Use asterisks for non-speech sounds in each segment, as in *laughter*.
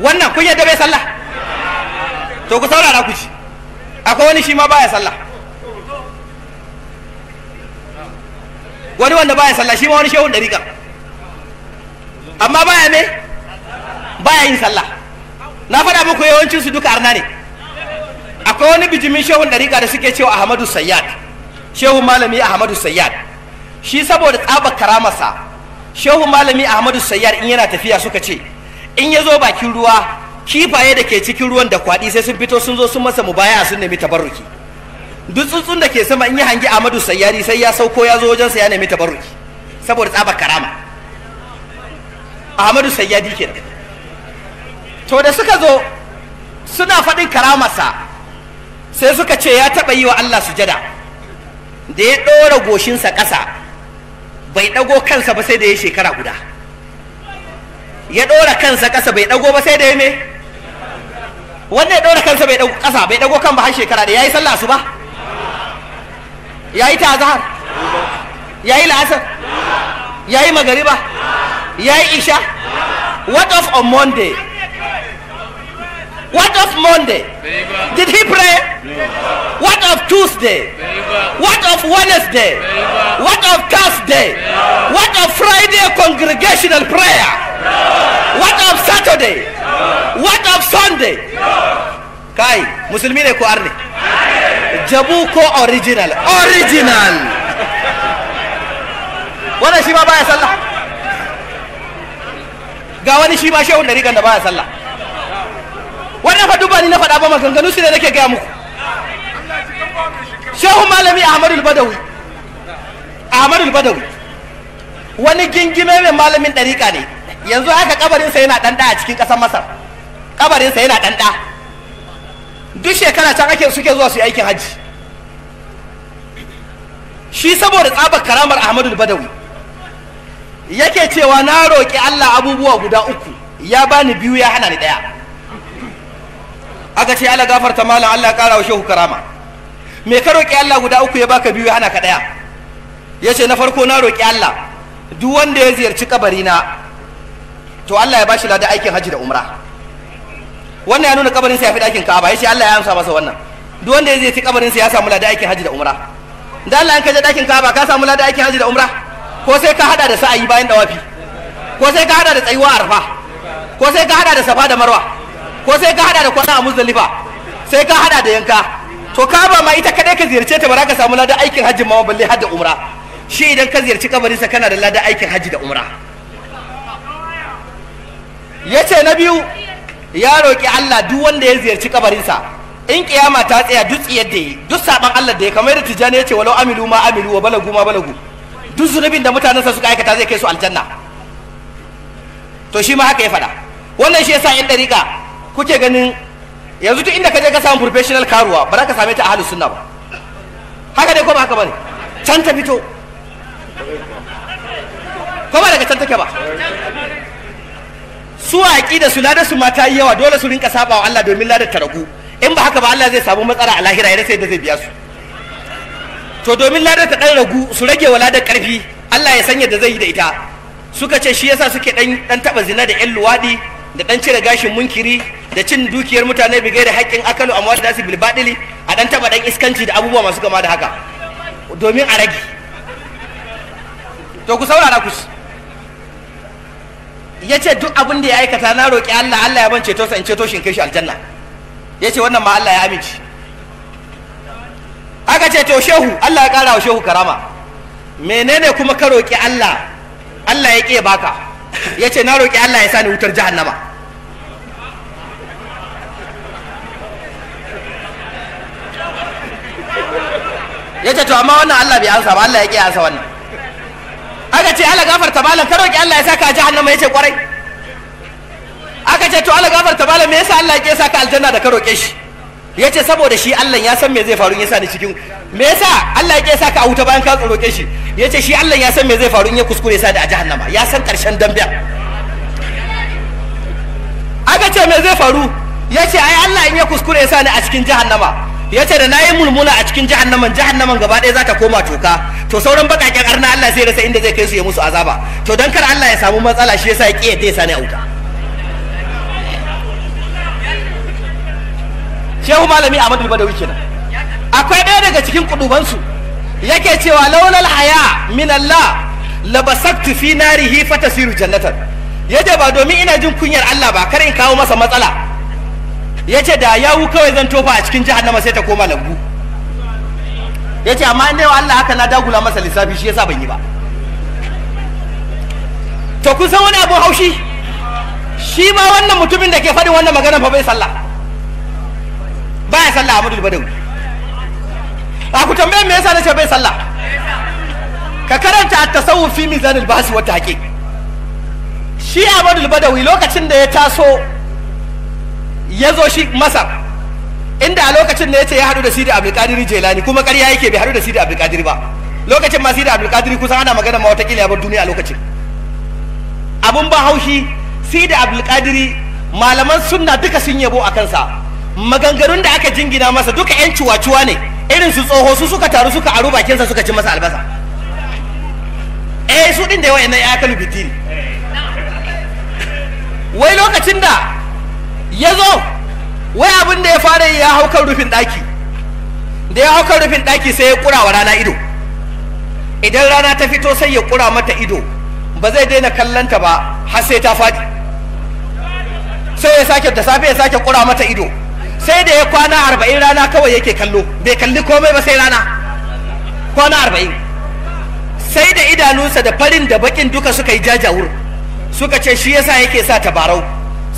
wannan kun yadda bai sallah to ku saurara ku ci akwai wani shi ma baya sallah wani wanda baya sallah shi ma wani shehun dariƙa amma baya me baya yin sallah na faɗa muku yawancin su duka arna ne akwai wani bijimin shehun dariƙa da suke cewa ahmadu sayyad shehun malami ahmadu sayyad shi saboda tsaba karamarsa shehun malami ahmadu sayyad in yana tafiya suka ce in ya zo bakin ruwa kifaye da ke cikin ruwan da kwaɗi sai sun fito sun zo sun masa mubaya sun nemi tabarruki duk tsuntsun da ke sama in yi hangi amadu sayyari sai ya sauko ya zo wajensa ya nemi tabarruki saboda tsaba karama ahmadu sayyadi kenan to da suka zo suna faɗin karamarsa sai suka ce ya taɓa yi wa Allah sujada da ya ɗora goshinsa ƙasa bai ɗago kansa ba sai da ya shekara guda ya ɗora kansa ƙasa bai ɗago ba sai da ya me wanda ya ɗora kansa bai ɗago ƙasa bai ɗago kan ba har shekara da ya yi sallah su ba ya yi ta azahar ya yi la'asar ya yi magariba ya yi isha what of on monday what of monday did he pray what of tuesday what of wednesday what of thursday what of friday congregational prayer what of saturday what of sunday kai musulmi ne ko arne jabu ko original original wannan shi ma baya sallah ga wani shi ma shehun da rigan da baya sallah wannan fa dubani na faɗa ba maganganu su ne nake gaya muku shehun malami Ahmadu badawi Ahmadu badawi wani gingime mai malamin ɗariƙa ne yanzu haka kabarinsa yana ɗanɗa a cikin ƙasar masar kabarinsa yana ɗanɗa duk shekara can ake suke zuwa su yi aikin hajji shi saboda tsabar karamar ahmadu badawi yake cewa na roƙi allah abubuwa guda uku ya bani biyu ya hana ni ɗaya aka ce allah gafarta malam allah ƙara wa shehu karama me ka roƙi allah guda uku ya baka biyu ya hana ka ɗaya ya ce na farko na roƙi allah duk wanda ya ziyarci kabarina to Allah ya bashi ladan aikin hajji da umra wannan ya nuna kabarin sa ya fi dakin Ka'aba yace Allah ya amsa masa wannan duk wanda zai ci kabarin sa ya samu ladan aikin hajji da umra dan Allah in ka je dakin Ka'aba ka samu ladan aikin hajji da umra ko sai ka hada da sa'ayi bayan dawafi ko sai ka hada da tsayuwa arfa ko sai ka hada da safa da marwa ko sai ka hada da kwana a muzdalifa sai ka hada da yanka to ka ba ma ita kadai ka ziyarce ta ba za ka samu ladan aikin hajji ma balle har da umra shi idan ka ziyarci kabarin sa kana da ladan aikin haji da umra ya ce na biyu ya roƙi Allah duk wanda ya ziyarci kabarinsa in kiyama ta tsaya duk tsiyar da yi duk saɓan Allah da ya kamar da tijani ya ce walau amilu ma amilu wa balagu ma balagu duk zunubin da mutanensa suka aikata zai kai su aljanna to shi ma haka ya faɗa wannan shi yasa yan ɗariƙa kuke ganin yanzu duk inda ka je ka samu professional karuwa ba za ka same ta a halin sunna ba haka dai ko ba haka ba ne can ta fito ko ba daga can take ba su a da su ladar su mata yi yawa dole su rinka saba wa Allah domin ladar taragu ragu in ba haka ba Allah zai samu matsala a lahira ya sai da zai biya su to domin ladar ta dan ragu su rage wa ladar karfi Allah ya sanya da zai yi da ita suka ce shi yasa suke dan dan taba zina da yan luwadi da dan cire gashin munkiri da cin dukiyar mutane bigai da haƙƙin akalu amma da su bilbadili a dan taba dan iskanci da abubuwa masu kama da haka domin a rage to ku saurara ku ya ce duk abin da ya aikata na roƙi Allah Allah ya ban ceto sa in ceto shi in kai shi aljanna ya ce wannan ma Allah ya amince aka ce to shehu Allah ya ƙara wa shehu karama menene kuma ka roƙi Allah Allah ya ƙi baka ya ce na roƙi Allah ya sani wutar jahannama ya ce to amma wannan Allah bai ansa ba Allah ya ƙi ansa wannan aka ce ala gafarta malam ka ki Allah ya saka a jahannama yace kwarai aka ce to ala gafarta balan me yasa Allah ya saka aljanna da ka ke shi yace saboda shi Allah ya san me zai faru in ya ni cikin me yasa Allah ya saka a wuta bayan ka ke shi yace shi Allah ya san me zai faru in ya kuskure sa da a jahannama ya san karshen dambiya aka ce me zai faru yace ai Allah in ya kuskure sa ni a cikin jahannama yace da nayi mulmula a cikin jahannaman jahannaman gaba ɗaya za ta koma toka to sauran bakaken arna Allah zai rasa inda zai kai su ya musu azaba to don kar Allah ya samu matsala shi yasa ya ƙi yadda ya sani auta. shehu malami Ahmadu Badawi kenan akwai ɗaya daga cikin kudubansu yake cewa laulal haya min Allah labasaktu fi narihi fatasiru jannatan yace ba domin ina jin kunyar Allah ba kar in kawo masa matsala yace da yawu kawai zan tofa a cikin jihar na sai ta koma lambu ya ce amma inda yau Allah haka na dagula masa lissafi shi yasa ban yi ba to kun san wani abu haushi shi ba wannan mutumin da ke faɗin wannan magana fa bai sallah ya sallah Ahmadu Badawi a ku tambaye me yasa nace bai sallah ka karanta at-tasawuf fi mizan al-bahs wa tahqiq shi Ahmadu Badawi lokacin da ya taso ya zo shi Masar inda a lokacin ya ce ya hadu da Sidi Abdulkadir Jelani kuma ƙarya yake bai hadu da Sidi Abdulkadir ba lokacin ma Sidi Abdulkadir kusan ana magana ma wata kila bar duniya a lokacin abun ba haushi Sidi Abdulkadir malaman sunna duka sun yabo a kansa maganganun da aka jingina masa duka yan cuwa-cuwa ne irin su tsoho su suka taru suka aro bakinsa suka ci masa albasa eh su din da yawa ya kalu bitiri wai lokacin da ya zo wai abin da ya fara ya hau kan rufin ɗaki da ya hau kan rufin ɗaki sai ya ƙura wa rana ido idan rana ta fito sai ya ƙura mata ido ba zai daina kallonta ba har sai ta faɗi sai ya sake da safe ya sake ƙura mata ido sai da ya kwana arba'in rana kawai yake kallo bai kalli komai ba sai rana kwana arba'in sai da idanunsa da farin da bakin duka suka yi jajawur suka ce shi yasa yake sa tabarau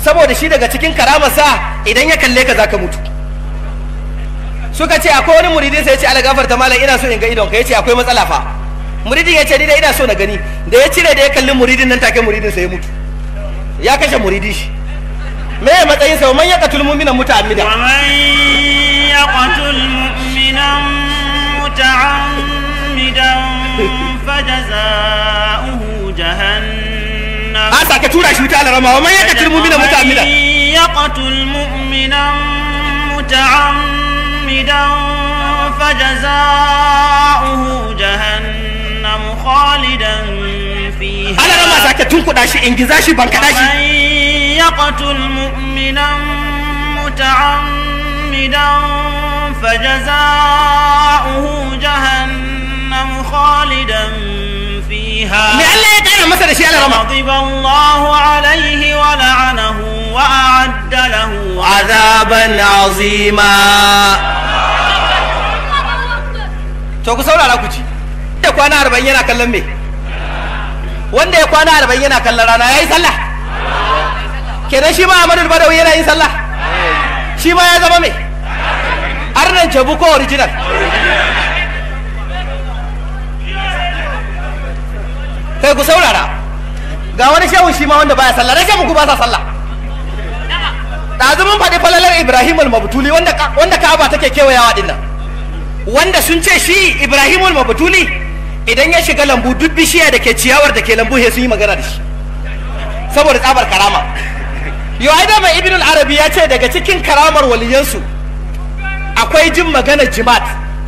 saboda shi daga cikin karamarsa idan ya kalle ka ka mutu suka ce akwai wani muridin sai ya ce alagafar ta malam ina so in ga idon ka ya ce akwai matsala fa muridin ya ce ni da ina so na gani da ya cire da ya kalli muridin nan take muridin sai ya mutu ya kashe muridi shi me ya matsayin sa man yaqatul mu'mina muta'ammida wa كتورا شو يقتل متعمدا مؤمنا متعمدا فجزاؤه جهنم خالدا فيها على ما يقتل مؤمنا متعمدا فجزاؤه جهنم خالدا فيها ya يتعلم da الشيء على رمى غضب الله عليه ولعنه وأعد له عذابا عظيما to ku saurara ku ci da kwana arba'in yana kallon me wanda ya kwana arba'in yana kallon rana ya yi sallah kenan shi ma amadu badawi yana yin sallah shi ma ya zama me arnan ko original kai ku saurara ga wani shehu shi ma wanda baya sallah na mu ku ba sa sallah mun faɗi falalar ibrahim al-mabtuli wanda ka'aba take kewayawa ɗin nan wanda sun ce shi ibrahim al-mabtuli idan ya shiga lambu duk bishiya da ke ciyawar da ke lambu he sun yi magana da shi saboda tsabar karama yau ai mai ibn al-arabi ya ce daga cikin karamar waliyansu akwai jin magana jimat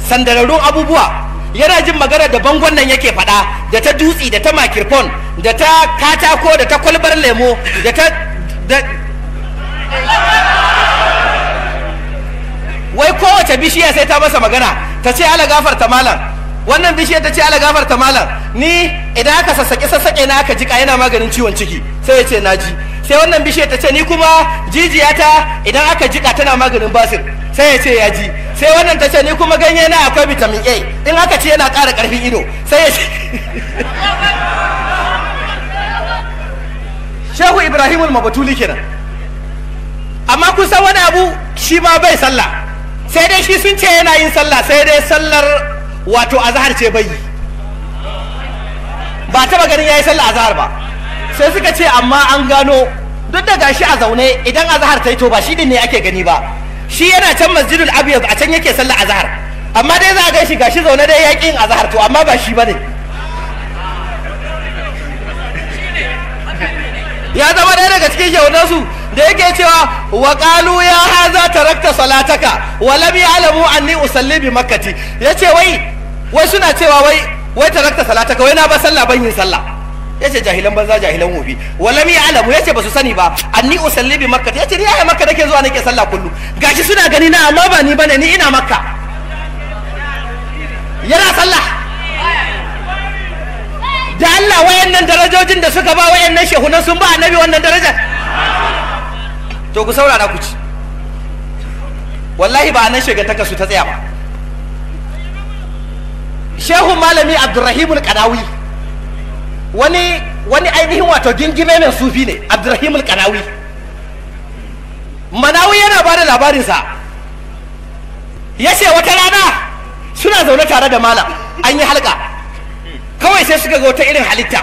sandararrun abubuwa yana jin magana da bangon nan yake faɗa da ta dutsi da ta makirfon da ta katako da ta kwalbar lemo da ta wai kowace bishiya sai ta masa magana ta ce ala gafarta malam wannan bishiyar ta ce ala gafarta malam ni idan aka sassaƙe sassaƙe na aka jika yana maganin ciwon ciki sai ya ce naji sai wannan bishiyar ta ce ni kuma jijiyata idan aka jika tana maganin basir sai ya ce ya ji sai wannan ta ce ni kuma ganye na akwai vitamin A in aka ce yana ƙara ƙarfin ido sai ya ce Shehu Ibrahim al-Mabatuli kenan amma kun san wani abu shi ma bai sallah sai dai shi sun ce yana yin sallah sai dai sallar wato azhar ce bai ba taba ganin yayi sallah azhar ba sai suka ce amma an gano duk da gashi a zaune idan azhar ta yi to ba shi din ne ake gani ba shi yana can masjidul abiyaz a can yake sallar azhar amma dai za a gan shi shi zaune dai yaƙin azhar to amma ba shi ba ne. ya zama ɗaya daga cikin su da yake cewa wa ƙalu ya haza tarakta salataka wa lam alamu anni usalli bi makkati ce wai wai suna cewa wai wai tarakta salataka wai na ba sallah ban yin sallah yace jahilan banza jahilan wofi walam alamu yace basu sani ba anni usalli bi makka yace ni a makka nake zuwa nake sallah kullu gashi suna gani na amma ba ni bane ni ina makka yana sallah da Allah wayannan darajojin da suka ba wayannan shehunan sun ba annabi wannan darajar to ku saurara ku ci wallahi ba nan shegantaka su ta tsaya ba shehun malami abdurrahimul qadawi wani wani ainihin wato gingime mai sufi ne abdurrahim al-qanawi manawi yana ba da labarinsa ya ce wata rana suna zaune tare da malam an yi halka kawai sai suka ga wata irin halitta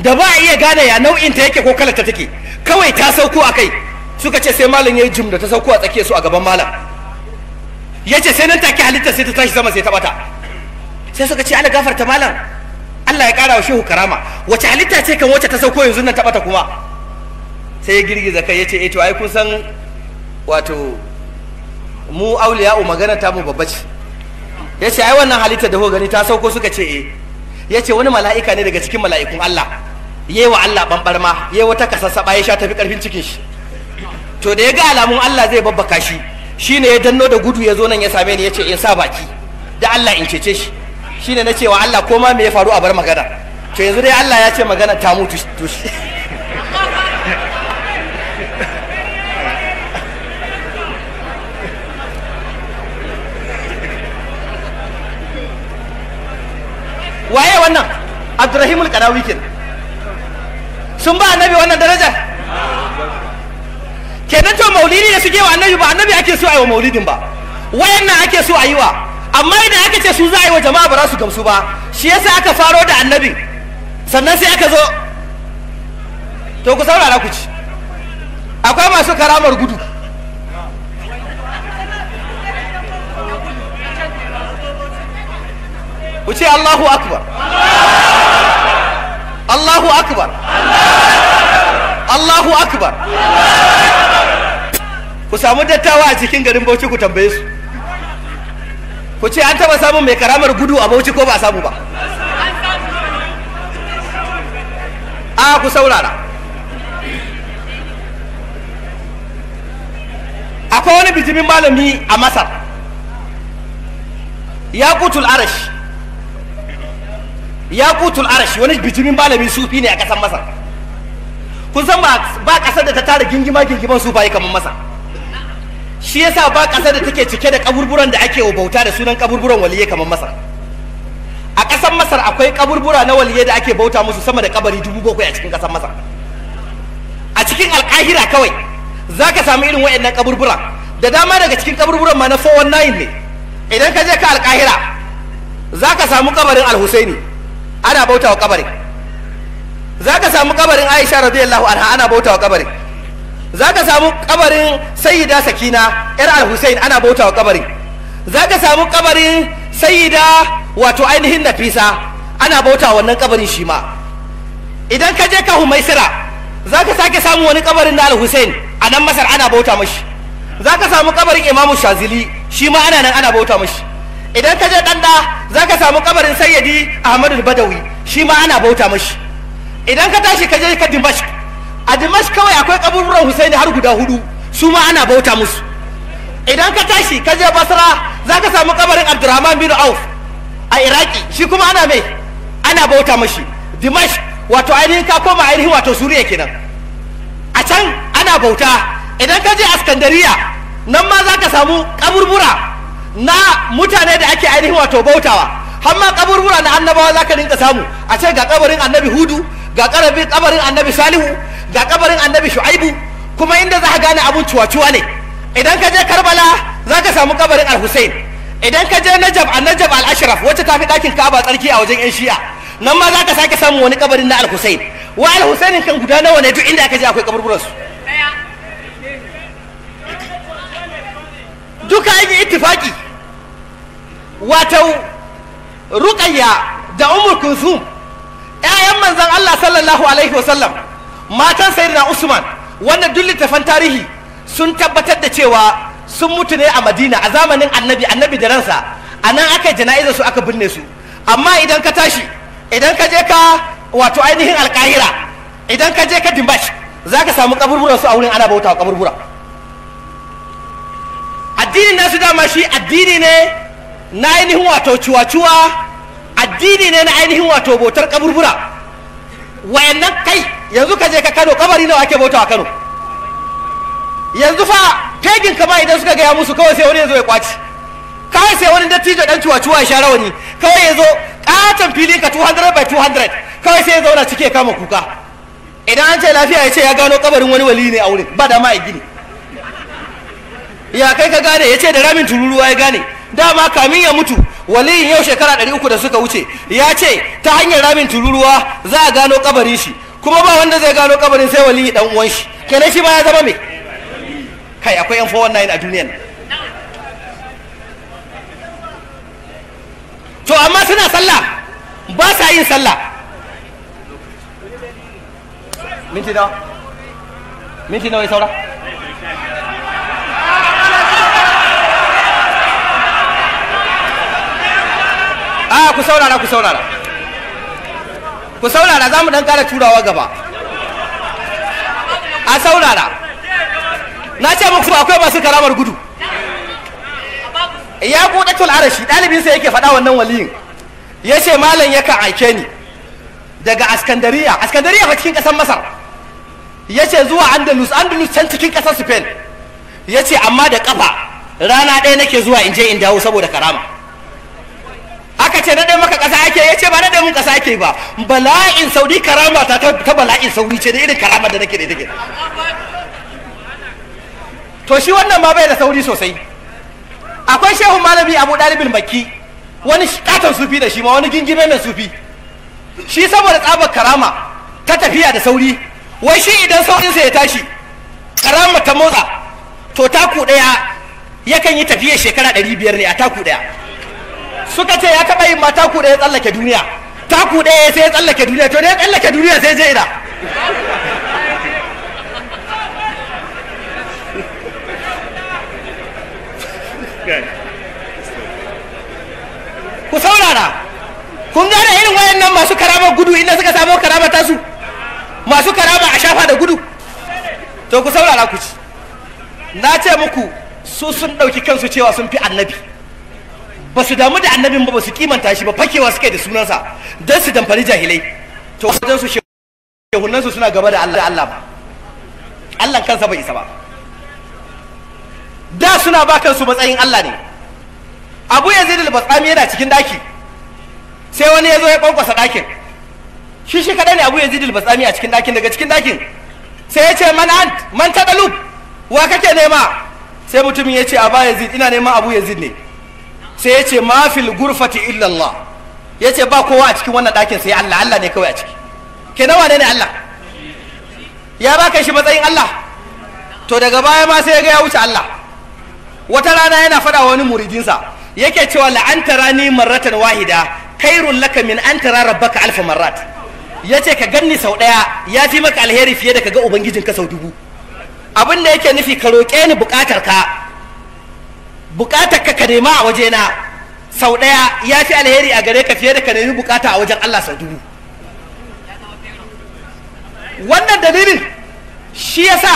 da ba a iya gane ya nau'inta yake ko ta take kawai ta sauko a kai suka ce sai malam ya yi jim da ta sauko a tsakiyar su a gaban malam ya ce sai nan take halitta sai ta tashi sama sai ta bata sai suka ce ala gafarta malam Allah ya kara wa shehu karama wace halitta ce kan wace ta sauko yanzu nan taɓa ta kuma sai ya girgiza kai ya ce eh, to ai kun san wato mu auliya'u magana ta mu babba ce ya ce ai wannan halitta da gani ta sauko suka ce eh ya ce wani mala'ika ne daga cikin mala'ikun Allah yi wa Allah ɓanɓarma yi wata saɓa ya sha tafi ƙarfin cikin shi to da ya ga alamun Allah zai babbaka shi shine ya danno da gudu ya zo nan ya same ni ya ce in sa baki da Allah in cece shi shine na cewa Allah ko ma me ya faru a bar magana to yanzu dai Allah ya ce magana ta mutu waye wannan abdurrahimul Qarawi kin sun ba annabi wannan daraja kenan to maulidi ne suke wa annabi ba annabi ake so a yi wa maulidin ba wayannan ake so a yi wa amma idan aka ce su za a yi wa jama'a ba za su gamsu ba shi ya sa aka faro da annabi sannan sai aka zo to ku saurara ku ci akwai masu karamar gudu ku ce Allahu akbar Allahu akbar Allahu akbar ku samu dattawa a cikin garin Bauchi ku tambaye su ku ce an taba samun mai karamar gudu a bauchi ko ba samu ba a ku saurara akwai wani bijimin malami a masar ya kutul arash ya kutul arash wani bijimin malami sufi ne a ƙasar masar kun san ba ƙasar da ta tara gingima gingiman sufaye kamar masar shi yasa ba ƙasar da take cike da kaburburan da ake wa bauta da sunan kaburburan waliyai kamar masar a ƙasar masar akwai kaburbura na waliyai da ake bauta musu sama da kabari dubu bakwai a cikin ƙasar masar a cikin alƙahira kawai za ka samu irin waɗannan kaburbura da dama daga cikin kaburburan ma na 419 ne idan ka je ka alƙahira za ka samu kabarin alhusaini ana bauta wa kabarin za ka samu kabarin aisha radiyallahu anha ana bauta wa kabarin za ka samu kabarin sayida sakina yar al ana bauta wa kabarin za ka samu kabarin sayyida wato ainihin nafisa ana bauta wa wannan kabarin shi ma idan ka je ka humaisira za ka sake samu wani kabarin na al-husain a nan masar ana bauta mashi za ka samu kabarin imamu shazili shi ma ana nan ana bauta mashi idan ka je danda za ka samu kabarin sayyadi ahmadu badawi shi ma ana bauta mashi idan ka tashi ka je ka dimashi a dimash kawai akwai kaburburan husaini har guda hudu su ma ana bauta musu idan ka tashi ka je basra za ka samu kabarin abdurrahman bin auf a iraki shi kuma ana mai ana bauta mashi dimash wato ainihin ka koma ainihin wato suriya kenan a can ana bauta idan ka je askandariya nan ma za ka samu kaburbura na mutane da ake ainihin wato bautawa har ma kaburbura na annabawa za ka rinka samu a can ga kabarin annabi hudu ga kabarin annabi salihu ga kabarin annabi shu'aibu kuma inda za ka gane abun cuwa-cuwa ne idan ka je karbala za ka samu kabarin al-hussein idan ka je najab najab al-ashraf wacce ta fi ɗakin ka'aba tsarki a wajen yan shi'a nan ma za ka sake samu wani kabarin na al-hussein wa al-hussein kan guda nawa ne duk inda ka je akwai kaburburansu duka an yi ittifaki wato ruqayya da umar kulsum ƴaƴan manzon Allah sallallahu alaihi wasallam matan sayyidina usman wannan duk littafan tarihi sun tabbatar da cewa sun mutu ne a madina a zamanin annabi annabi da ransa a nan aka jana'iza su aka binne su amma idan ka tashi idan ka je ka wato ainihin alkahira idan ka je ka dimbash za ka samu kaburburan su a wurin ana bauta kaburbura addinin nasu dama shi addini ne na ainihin wato ciwa-ciwa addini ne na ainihin wato bautar kaburbura wayannan kai yanzu ka je ka kano kabari nawa ake bauta a kano yanzu fa pegin kama idan suka gaya musu kawai sai wani yanzu ya kwaci kawai sai wani dattijo dan cuwa-cuwa ya sha rawani kawai ya zo katon fili ka 200 by 200 kawai sai ya zauna cike kama kuka idan an ce lafiya ya ce ya gano kabarin wani wali ne a wurin ba da ma gini ya kai ka gane ya ce da ramin tururuwa ya gane dama kamin ya mutu waliyin yau shekara 300 da suka wuce ya ce ta hanyar ramin tururuwa za a gano kabarin shi kuma ba wanda zai gano kabarin sai wali dan uwan shi kenan shi ba ya zama me kai akwai yan 419 a duniyan to amma suna sallah ba sa yin sallah minti nawa minti nawa ya saura a ah, ku saurara ku saurara ku saurara za mu ɗan ƙara turawa gaba a saurara na ce muku akwai masu karamar gudu ya buɗe tul arashi ɗalibinsa yake faɗa wannan waliyin ya ce malam ya kan aike ni daga askandariya askandariya fa cikin ƙasar masar ya ce zuwa andalus andalus can cikin ƙasar spain ya ce amma da ƙafa rana ɗaya nake zuwa in je in dawo saboda karama aka ce nade maka kasa ake ya ce ba naɗe mun kasa ake ba bala'in saudi karama ta ta bala'in sauri ce da irin karama da nake da take to shi wannan ma bai da sauri sosai akwai shehu malami abu ɗalibin baki wani katon sufi da shi ma wani gingime mai sufi shi saboda tsabar karama ta tafiya da sauri wai shi idan sa ya tashi karama ta motsa to taku ɗaya yakan yi tafiya shekara ɗari biyar ne a taku daya suka ce ya taɓa yin ma taku ɗaya tsallake duniya taku ɗaya sai ya tsallake duniya to ne ya tsallake duniya sai je ina ku saurara kun gane irin wayannan masu karama gudu inda suka samu karama tasu masu karama a shafa da gudu to ku saurara ku ci na ce muku su sun ɗauki kansu cewa sun fi annabi ba su damu da annabin ba ba su kimanta shi ba fakewa suka yi da sunansa don su damfari jahilai to wajen su shehunansu suna gaba da Allah Allah ba Allah kansa bai isa ba da suna ba kansu matsayin Allah ne Abu ya zai batsami yana cikin daki sai wani ya zo ya kwankwasa dakin shi shi kadai ne Abu ya zai batsami a cikin dakin daga cikin dakin sai ya ce man ant man tadalub wa kake nema sai mutumin ya ce Abu Yazid ina neman Abu Yazid ne sai ya ce ma gurfati illallah ya ce ba kowa a cikin wannan ɗakin sai Allah Allah ne kawai a ciki ke nawa ne Allah ya baka shi matsayin Allah to daga baya ma sai ya ga ya wuce Allah wata rana yana faɗa wani muridinsa yake cewa la'anta rani marratan wahida kairun laka min an tara rabbaka alfa marrat yace ka ganni sau ɗaya ya fi maka alheri fiye da ka ga ubangijinka sau dubu abin da yake nufi ka roƙe ni buƙatar ka bukatar ka ka nema a waje na sau ɗaya ya fi alheri a gare ka fiye da ka nemi bukata a wajen Allah sau dubu wannan dalilin shi yasa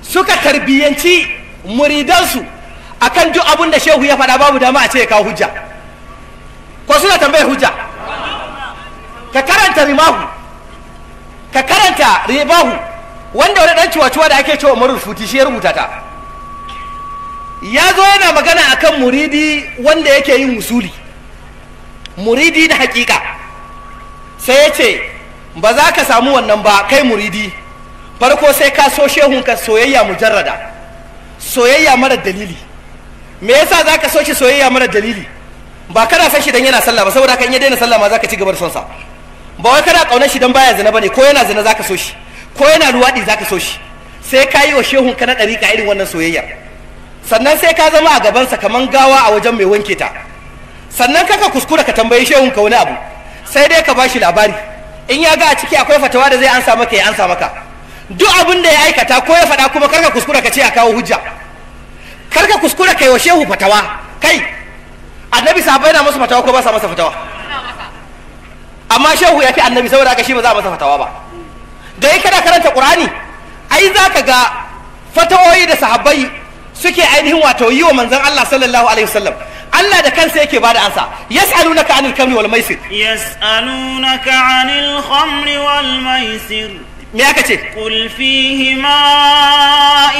suka tarbiyyanci muridansu a kan duk abin da shehu ya faɗa babu dama a ce ya kawo hujja ko suna tambayar hujja ka karanta rimahu ka karanta ribahu wanda wani dan ciwo da ake cewa marul futi shi ya rubuta ta ya zo yana magana akan muridi wanda yake yin usuli muridi na hakika sai ya ce ba za ka samu wannan ba kai muridi farko sai ka so shehunka soyayya mujarrada soyayya mara dalili me yasa za ka so shi soyayya mara dalili ba kana son shi dan yana sallah ba saboda kan ya daina sallah ma za ka ci gaba da son sa ba wai kana kaunar shi dan baya zina bane ko yana zina za ka so shi ko yana luwaɗi za ka so shi sai ka yi wa shehunka na ɗariƙa irin wannan soyayya sannan sai ka zama a gabansa kamar gawa a wajen mai wanke ta sannan kaka kuskura ka tambayi shehun ka wani abu sai dai ka ba shi labari in ya ga a ciki akwai fatawa da zai ansa maka ya ansa maka duk abin da ya aikata ko ya faɗa kuma karka kuskura ka ce a kawo hujja karka kuskura ka yi wa shehu fatawa kai annabi sahabbai na masa fatawa ko ba sa masa fatawa amma shehu ya fi annabi saboda haka shi ba za a masa fatawa ba da yake kana karanta qur'ani ai za ka ga fatawoyi da sahabbai suke ainihin wato yi wa manzon Allah sallallahu alaihi wasallam Allah da kansa yake bada ansa yas'alunaka anil khamri wal maisir yas'alunaka anil khamri wal maisir me aka ce qul fihima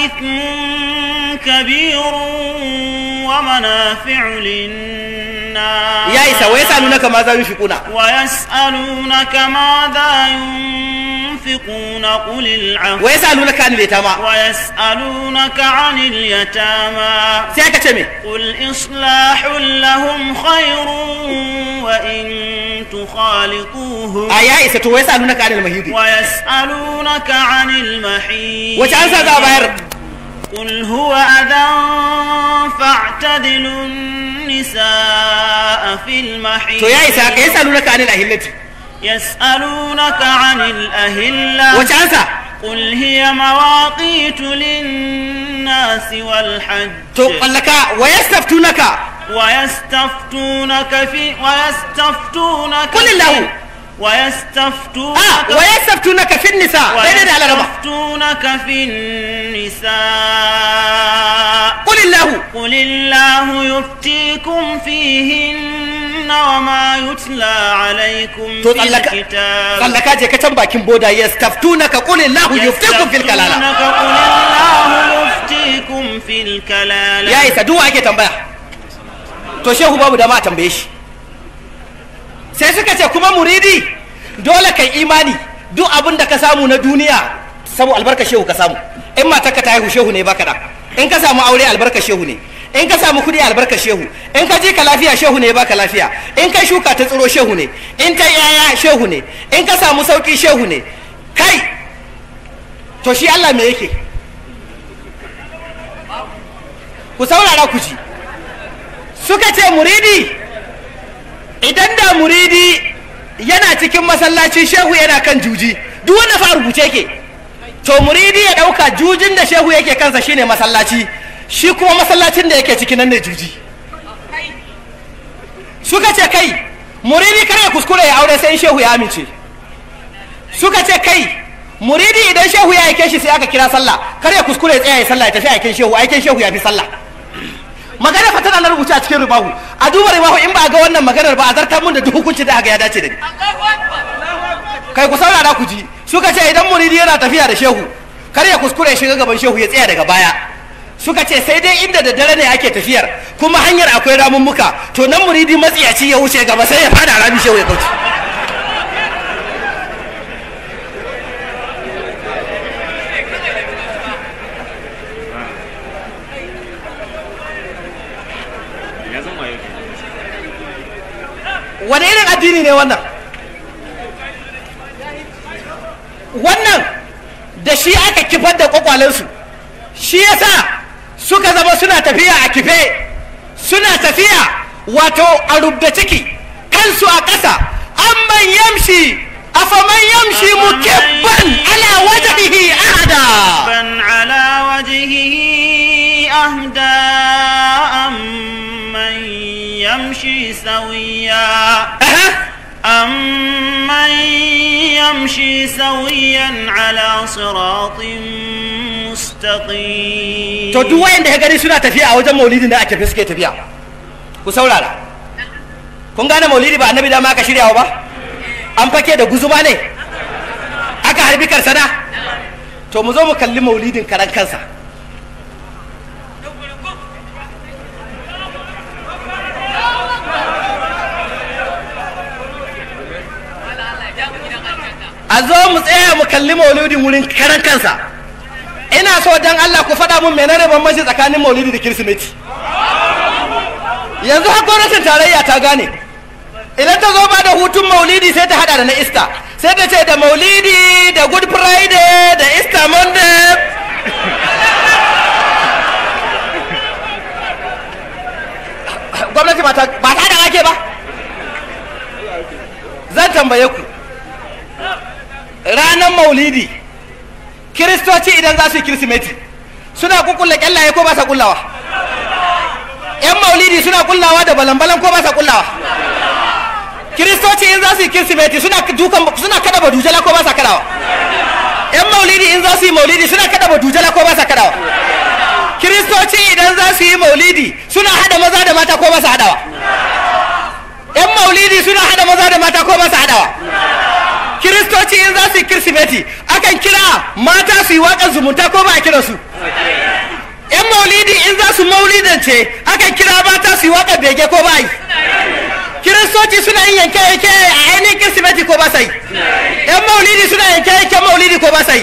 ithmun kabirun wa manafi'u lin ya isa wa yasalunaka ma za yunfiquna wa yasalunaka ma za yunfiquna ينفقون قل العفو ويسألونك عن اليتامى ويسألونك عن اليتامى سيكتمي قل إصلاح لهم خير وإن تخالطوهم إستو آية آية ويسألونك عن المحيض ويسألونك عن المحيض قل هو أذى فاعتدلوا النساء في المحيض تو يا يسألونك عن الأهلة يسألونك عن الأهلة وجعلت قل هي مواقيت للناس والحج تقل لك ويستفتونك ويستفتونك في ويستفتونك قل الله ويستفتونك آه ويستفتونك في النساء ويستفتونك في النساء قل الله قل الله يفتيكم فيهن وما يتلى عليكم في الكتاب صلك أجي كتن باكين بودا يستفتونك قل الله يفتيكم في الكلالة يستفتونك قل الله يفتيكم في الكلالة يا إيسا دوا أجي tambaya to shehu babu da ma tambaye shi sai suka ce kuma muridi dole kai imani duk abin da ka samu na duniya samu albarka shehu ka samu in matarka ta haihu shehu ne baka da in ka samu aure albarka shehu ne in ka samu kuɗi albarka shehu in ka ji ka lafiya shehu ne baka lafiya in ka shuka ta tsiro shehu ne in ta yaya shehu ne in ka samu sauki shehu ne kai to shi Allah me yake ku saurara ku ji suka ce muridi idan da muridi yana cikin masallacin shehu yana kan juji duk wanda fa rubuce ke to muridi ya ɗauka jujin da shehu yake kansa shine masallaci shi kuma masallacin da yake ciki nan ne juji suka ce kai muridi kar ya kuskure ya aure sai shehu ya amince suka ce kai muridi idan shehu ya aike shi sai aka kira sallah kar ya kuskure ya tsaya ya sallah ya tafi aikin shehu aikin shehu ya fi sallah magana fa tana rubuce a cikin rubahu a duba rubahu in ba a ga wannan maganar ba a zartar mun da duk hukunci da aka ya dace da ni kai ku saurara ku ji suka ce idan muridi yana tafiya da shehu kar ya kuskure ya shiga gaban shehu ya tsaya daga baya suka ce sai dai inda da dare ne ake tafiyar kuma hanyar akwai ramummuka to nan muridi matsiyaci ya wuce gaba sai ya fada rami shewa ya kauce wani irin addini ne wannan wannan da shi aka kifar da kwakwalensu shi yasa suka zama suna tafiya a kife suna tafiya wato a rubda ciki kansu a ƙasa amman yamshi afaman yamshi mukibban ala wajhihi ahda ban ala wajhihi ahda amman yamshi sawiya amman yamshi sawiyan ala siratin mustaqim to duk wayanda ya gari suna tafiya a wajen maulidin da ake suke tafiya ku saurara kun gane maulidi ba annabi da ma ka shiryawa ba an fake da guzuma ne aka harbi karsana to mu zo mu kalli maulidin karan kansa a zo mu tsaya mu kalli maulidin wurin karan kansa ina so dan Allah ku faɗa mun menene bambanci tsakanin maulidi da kirsimeti yanzu har gwamnatin tarayya ta gane idan ta zo ba da hutun maulidi sai ta hada da na ista sai ta ce da maulidi da good friday da ista monday gwamnati ba ta hada ake ba zan tambaye ku ranar maulidi kiristoci idan za su yi kirsimeti suna kukulla kyallaye ko ba sa kullawa yan maulidi suna kullawa da balambalan ko ba sa kullawa kiristoci in za su yi kirsimeti suna dukan suna kada ba dujala ko ba sa kadawa yan maulidi in za su yi maulidi suna kada ba dujala ko ba sa kadawa kiristoci idan za su yi maulidi suna hada maza da mata ko ba sa hadawa yan maulidi suna hada maza da mata ko ba sa hadawa kiristoci in za su yi kirsimeti akan kira mata su yi waƙar zumunta ko ba a kira su yan maulidi in za su ce akan kira mata su yi waƙar bege ko ba yi kiristoci suna yin yanke yanke a ainihin kirsimeti ko ba sai yan maulidi suna yanke yanke maulidi ko ba sai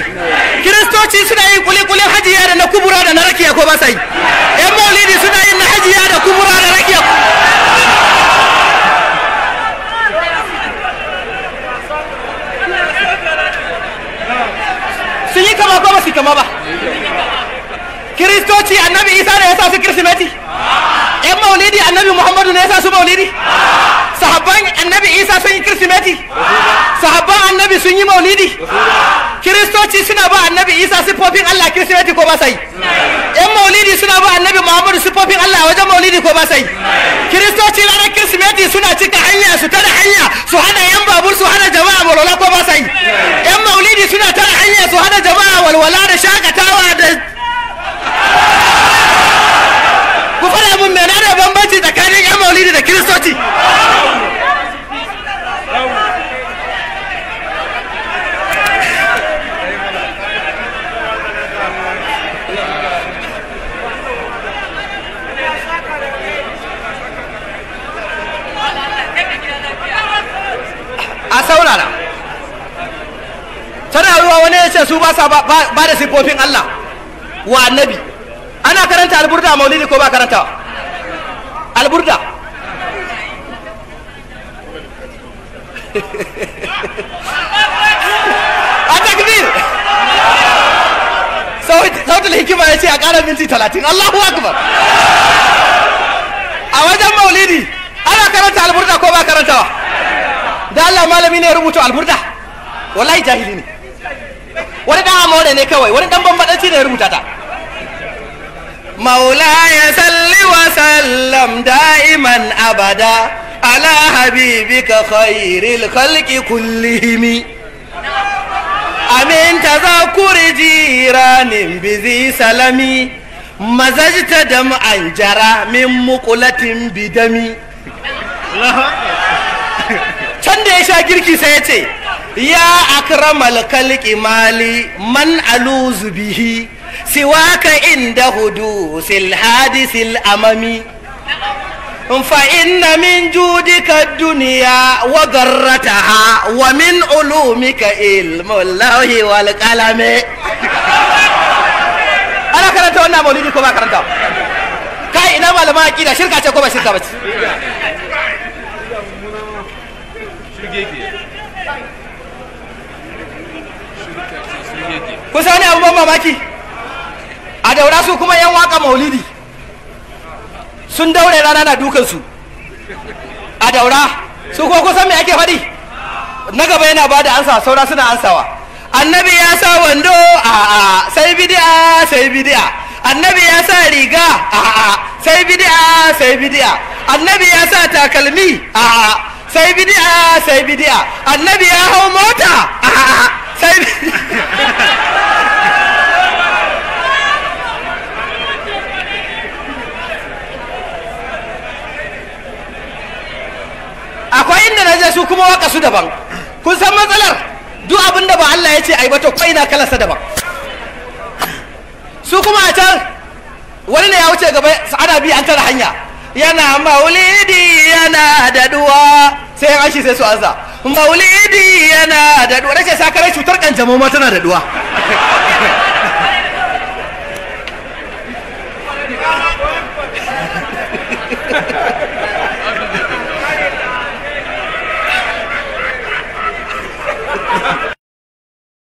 kiristoci suna yin kulikulin hajiya da na kubura da na rakiya ko ba sai yan maulidi suna yin na hajiya da kubura da rakiya sun yi kama ko ba su kama ba kiristoci annabi isa ne ya sa su kirsimeti yan maulidi annabi muhammadu ne ya sa su maulidi sahabban annabi isa sun yi kirsimeti sahabban annabi sun yi maulidi kiristoci suna ba annabi isa siffofin allah kirsimeti ko ba sai yan maulidi suna ba annabi muhammadu siffofin allah wajen maulidi ko ba sai kiristoci ranar kirsimeti suna cika hanya su tara hanya su hana yan babur su hana jama'a walwala ko ba sai yan maulidi suna tara hanya su hana jama'a walwala da shakatawa da ku faɗa mun menene bambanci tsakanin yan maulidi da kiristoci saurara tana ruwa wani ya ce su ba sa ba da siffofin Allah wa annabi ana karanta alburda a maulidi ko ba karanta alburda *laughs* a takbir sautul hikima ya ce a ƙara minti talatin Allahu akbar a wajen maulidi ana karanta alburda ko ba karantawa da Allah malami ne ya rubuta alburda wallahi jahili ne wani dan amore ne kawai wani dan bambadanci ne rubuta ta maula ya salli wa sallam da'iman abada ala habibika khairil khalqi kullihim amin tazakuri jiranin bizi salami mazajta dam anjara min muqulatin bidami can da ya sha girki sai ya ce ya akramal kalki mali man aluzu bihi siwaka inda hudusil hadisil amami فإن من جودك الدنيا وغرتها ومن علومك علم الله والقلم أنا كرنت وأنا مولدي كما كرنت كاي إنا shirka ce ko ba shirka ba بس kusa wani abubuwan mamaki a daura su kuma yan waka maulidi sun daure rana na dukansu a daura su ko kusan me ake faɗi na gaba yana ba da ansa saura suna ansawa annabi ya sa wando a a sai bidiya sai bidiya annabi ya sa riga a a sai bidiya sai bidiya annabi ya sa takalmi a a sai bidiya sai bidiya annabi ya hau mota a a kai akwai inda na je su kuma waka su daban kun san matsalar duk abin da ba Allah ya ce ai ba to kai na kalarsa daban su kuma a can wani ne ya wuce gaba ana bi an tara hanya yana maulidi yana daduwa sai yan ashi sai su aza maulidi yana daduwa rashin sakarar cutar kanjamau ma tana daduwa *laughs*